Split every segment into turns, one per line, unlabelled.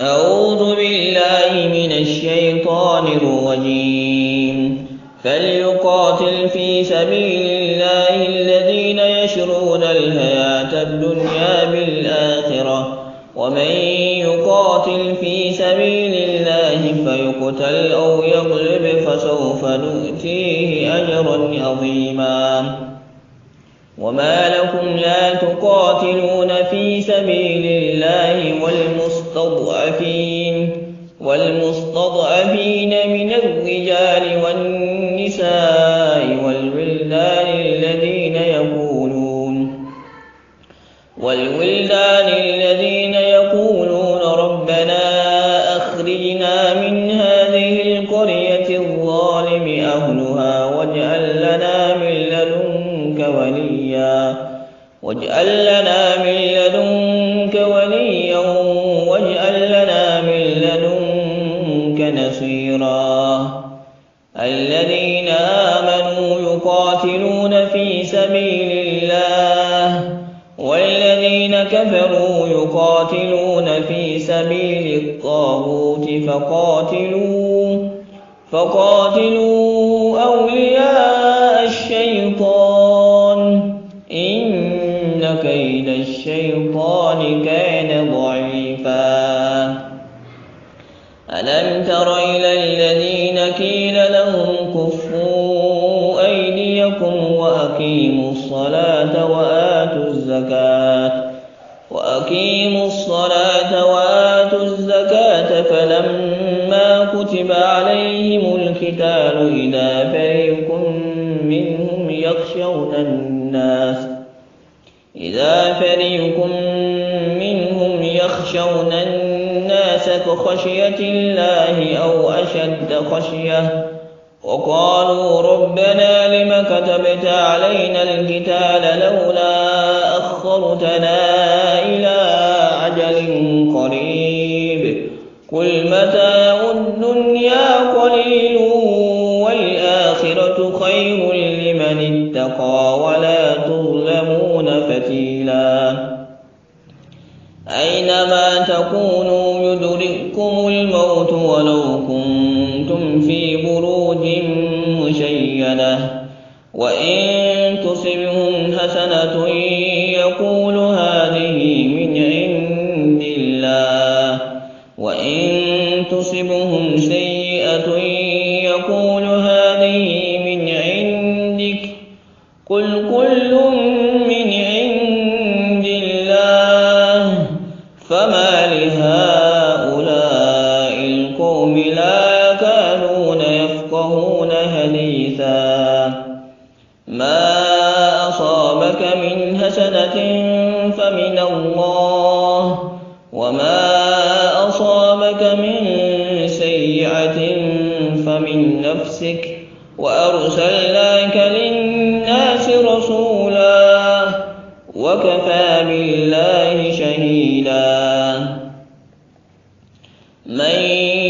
أعوذ بالله من الشيطان الرجيم فليقاتل في سبيل الله الذين يشرون الحياة الدنيا بالآخرة ومن يقاتل في سبيل الله فيقتل أو يغلب فسوف نؤتيه أجرا عظيما وما لكم لا تقاتلون في سبيل الله والمسلمين المستضعفين والمستضعفين من الرجال والنساء والولدان الذين يقولون والولدان الذين يقولون ربنا أخرجنا من هذه القرية الظالم أهلها واجعل لنا من لدنك وليا واجعل لنا من لدنك كثيرا الذين آمنوا يقاتلون في سبيل الله والذين كفروا يقاتلون في سبيل الطاغوت فقاتلوا فقاتلوا أولياء الشيطان إن كيد الشيطان كيد ألم تر إلى الذين قيل لهم كفوا أيديكم وأقيموا الصلاة وآتوا الزكاة وأقيموا الصلاة وآتوا الزكاة فلما كتب عليهم القتال إذا فريق منهم يخشون الناس إذا فريق منهم يخشون الناس الناس كخشية الله أو أشد خشية وقالوا ربنا لم كتبت علينا القتال لولا أخرتنا إلى أجل قريب قل متاع الدنيا قليل سيئة يقول هذه من عندك قل كل من عند الله فما لهؤلاء القوم لا يكادون يفقهون حديثا ما أصابك من حسنة فمن الله وما أصابك من سيئة فمن نفسك وأرسلناك للناس رسولا وكفى بالله شهيدا من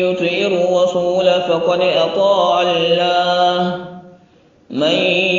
يطع الرسول فقد أطاع الله من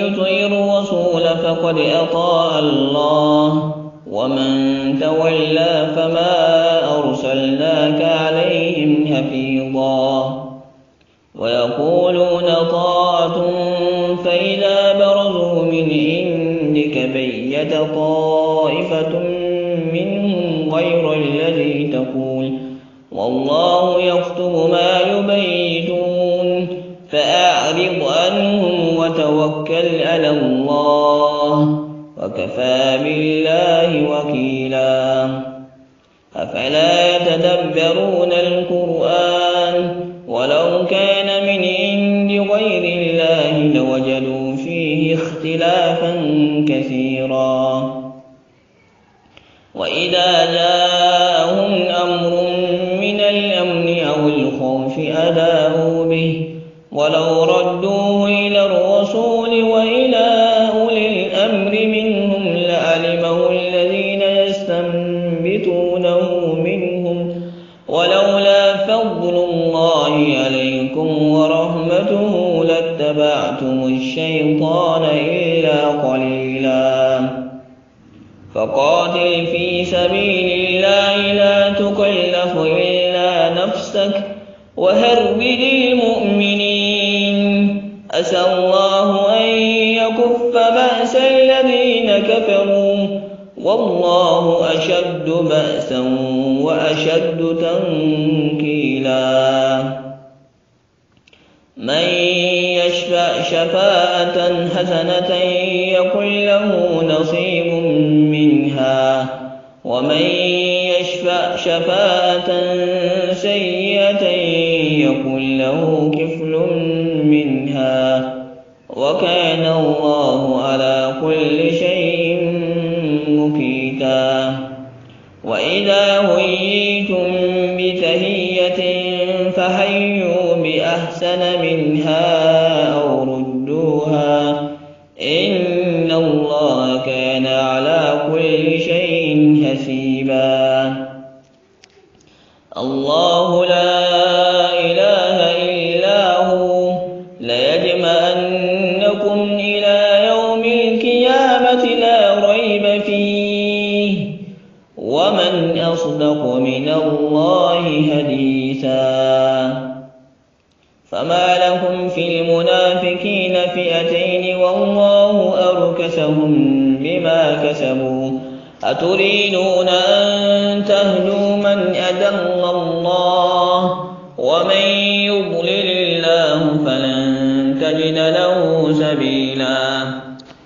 يطع الرسول فقد أطاع الله ومن تولى فما ويقولون طاعة فإذا برزوا من عندك بيت طائفة منهم غير الذي تقول والله يكتب ما يبيتون فأعرض عنهم وتوكل على الله وكفى بالله وكيلا أفلا يتدبرون القرآن ولو كان من عند غير الله لوجدوا فيه اختلافا كثيرا وإذا جاءهم أمر من الأمن أو الخوف أداؤوا به ولو ردوه إلى الرسول وإلى وقاتل في سبيل الله لا تكلف إلا نفسك وهرب المؤمنين أسى الله أن يكف بأس الذين كفروا والله أشد بأسا وأشد تنكيلا من شفاءة حسنة يكن له نصيب منها ومن يشفع شفاءة سيئة يكن له كفل منها وكان الله على كل شيء مكيتا وإذا هيتم بتهية فهيوا بأحسن منها أو ليجمعنكم إِلَى يَوْمِ الْقِيَامَةِ لَا رَيْبَ فِيهِ وَمَنْ أَصْدَقُ مِنَ اللَّهِ حَدِيثًا فما لهم في المنافقين فئتين والله أركسهم بما كسبوا أتريدون أن تهدوا من أدل الله سبيلا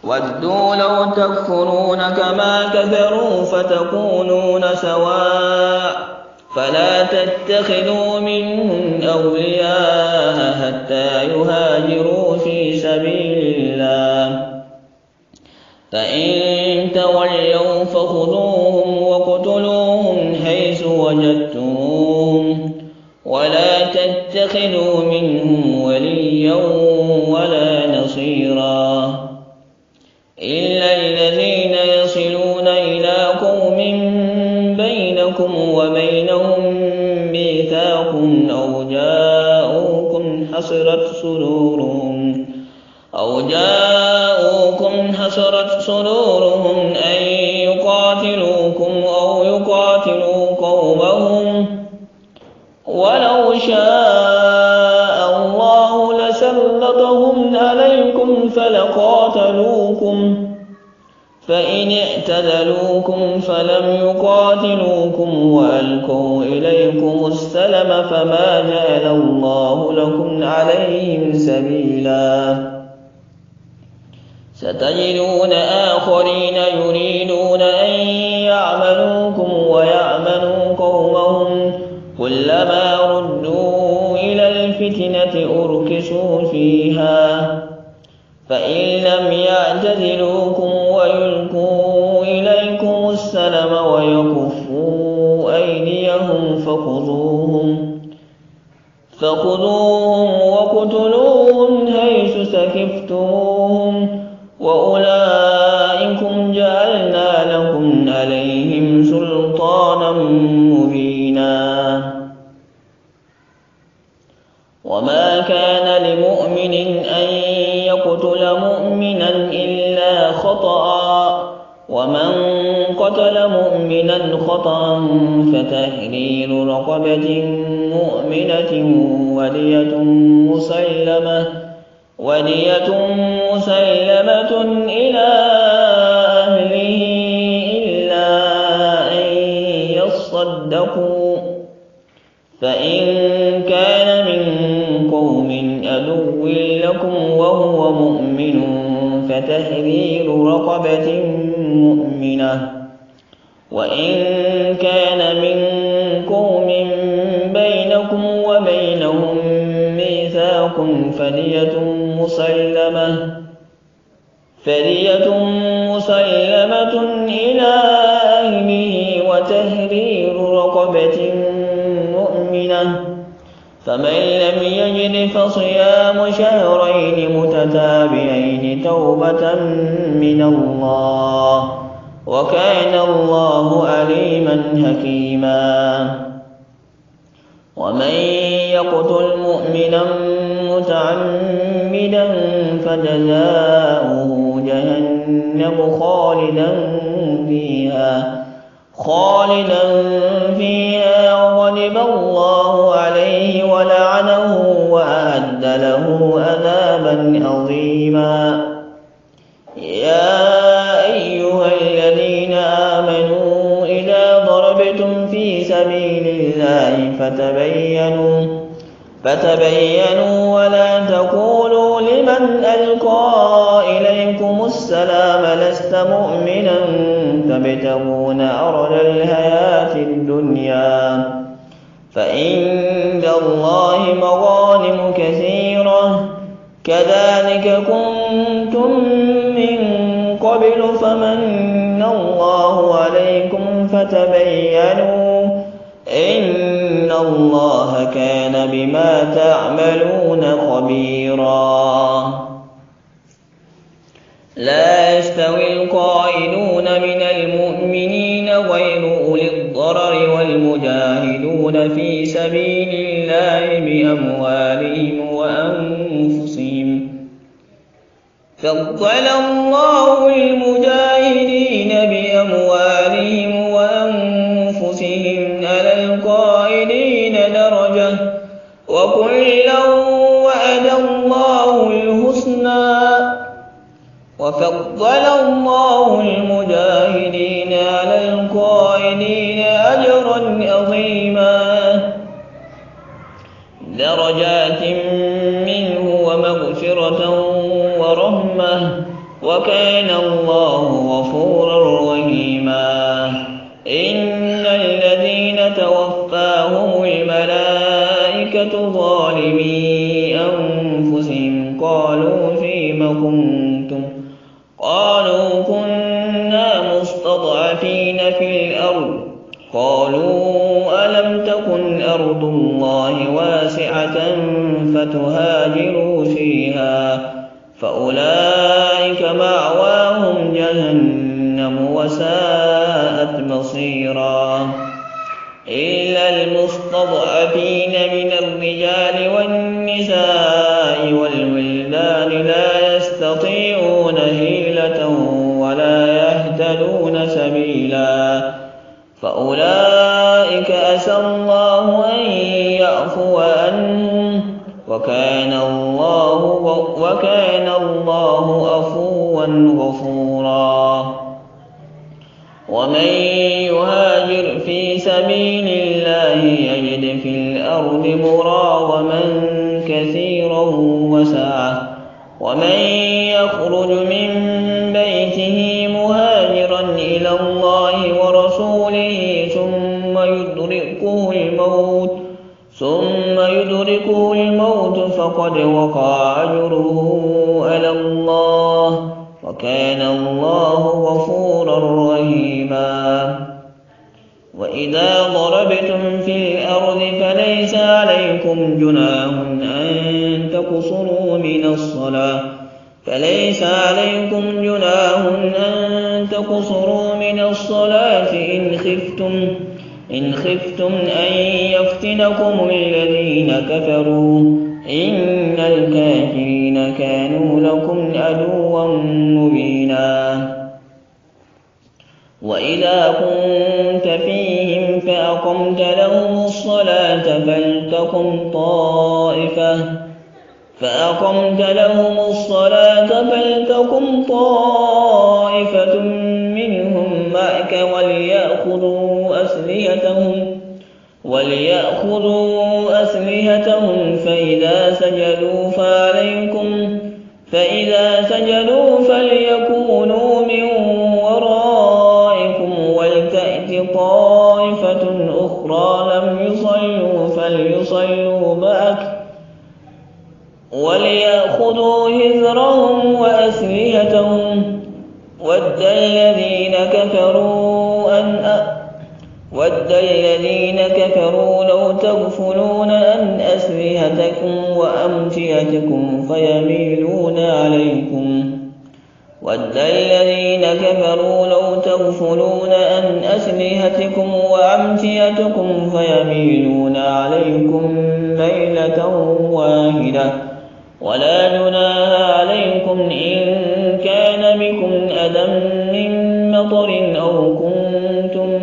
ودوا لو تكفرون كما كفروا فتكونون سواء فلا تتخذوا منهم أولياء حتى يهاجروا في سبيل الله فإن تولوا فخذوهم وقتلوهم حيث وجدتموهم ولا تتخذوا منهم وليا ولا نصيرا إلا الذين يصلون إلى قوم بينكم وبينهم ميثاق أو جاءوكم حسرت صدورهم أو جاءوكم حسرت صدورهم أن يقاتلوكم أو يقاتلوا قومهم قاتلوكم فإن اعتزلوكم فلم يقاتلوكم وألقوا إليكم السلم فما جعل الله لكم عليهم سبيلا ستجدون آخرين يريدون أن يعملوكم ويعملوا قومهم كلما ردوا إلى الفتنة أركسوا فيها فإن لم يعتذلوكم ويلقوا إليكم السلم ويكفوا أيديهم فخذوهم فخذوهم وقتلوهم حيث سكفتموهم وأولئكم جعلنا لكم عليهم سلطانا مبينا وما كان لمؤمن مؤمنا إلا خطأ ومن قتل مؤمنا خطأ فتحرير رقبة مؤمنة ولية مسلمة ولية مسلمة إلى أهله إلا أن يصدقوا فإن كان من قوم أدو لكم وهو مؤمن فتحرير رقبة مؤمنة وإن كان من قوم بينكم وبينهم ميثاق فدية مسلمة فدية مسلمة إلى أهله وتهرير رقبة مؤمنة فمن لم يجد فصيام شهرين متتابعين توبة من الله وكان الله عليما حكيما ومن يقتل مؤمنا متعمدا فجزاؤه جهنم خالدا فيها خالدا فيها وغضب الله له عذابا عظيما يا أيها الذين آمنوا إذا ضربتم في سبيل الله فتبينوا فتبينوا ولا تقولوا لمن ألقى إليكم السلام لست مؤمنا تبتغون أرض الحياة الدنيا فإن الله مغار كذلك كنتم من قبل فمن الله عليكم فتبينوا إن الله كان بما تعملون خبيرا لا يستوي القائلون من المؤمنين غير أولي الضرر والمجاهدون في سبيل الله بأموالهم وأموالهم فضل الله المجاهدين بأموالهم وأنفسهم على القائلين درجة وكلا وعد الله الحسنى وفضل الله المجاهدين على القائلين أجرا عظيما درجات منه ومغفرة وكان الله غفورا رحيما إن الذين توفاهم الملائكة ظالمي أنفسهم قالوا فيم كنتم قالوا كنا مستضعفين في الأرض قالوا ألم تكن أرض الله واسعة فتهاجروا فيها فأولئك مأواهم جهنم وساءت مصيرا إلا المستضعفين من الرجال والنساء والولدان لا يستطيعون هيلة ولا يهتدون سبيلا فأولئك أسى الله أن يعفو عنهم وكان الله وكان الله أفوا غفورا ومن يهاجر في سبيل الله يجد في الأرض مراغما كثيرا وسعة ومن يخرج من بيته مهاجرا إلى الله ورسوله ثم يدركه الموت ثم يدركه الموت فقد وقع أجره على الله وكان الله غفورا رحيما وإذا ضربتم في الأرض فليس عليكم جناه أن تقصروا من الصلاة فليس عليكم جناه أن تقصروا من الصلاة إن خفتم إن خفتم أن يفتنكم الذين كفروا إن الكافرين كانوا لكم أدوا مبينا وإذا كنت فيهم فأقمت لهم الصلاة فلتكن طائفة فأقمت لهم الصلاة فلتقم طائفة منهم معك وليأخذوا أسليتهم وليأخذوا أسلحتهم فإذا سجدوا فعليكم فإذا سجدوا فليكونوا من ورائكم ولتأت طائفة أخرى لم يصلوا فليصلوا ما وليأخذوا هذرهم وأسلهتهم ود الذين كفروا أن ود الذين كفروا لو تغفلون أن أسلهتكم وأمتعتكم فيميلون عليكم ود الذين كفروا لو تغفلون أن أسلهتكم وأمتعتكم فيميلون عليكم ليلة واحدة ولا جناها عليكم إن كان بكم أذى من مطر أو كنتم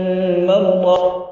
مرضى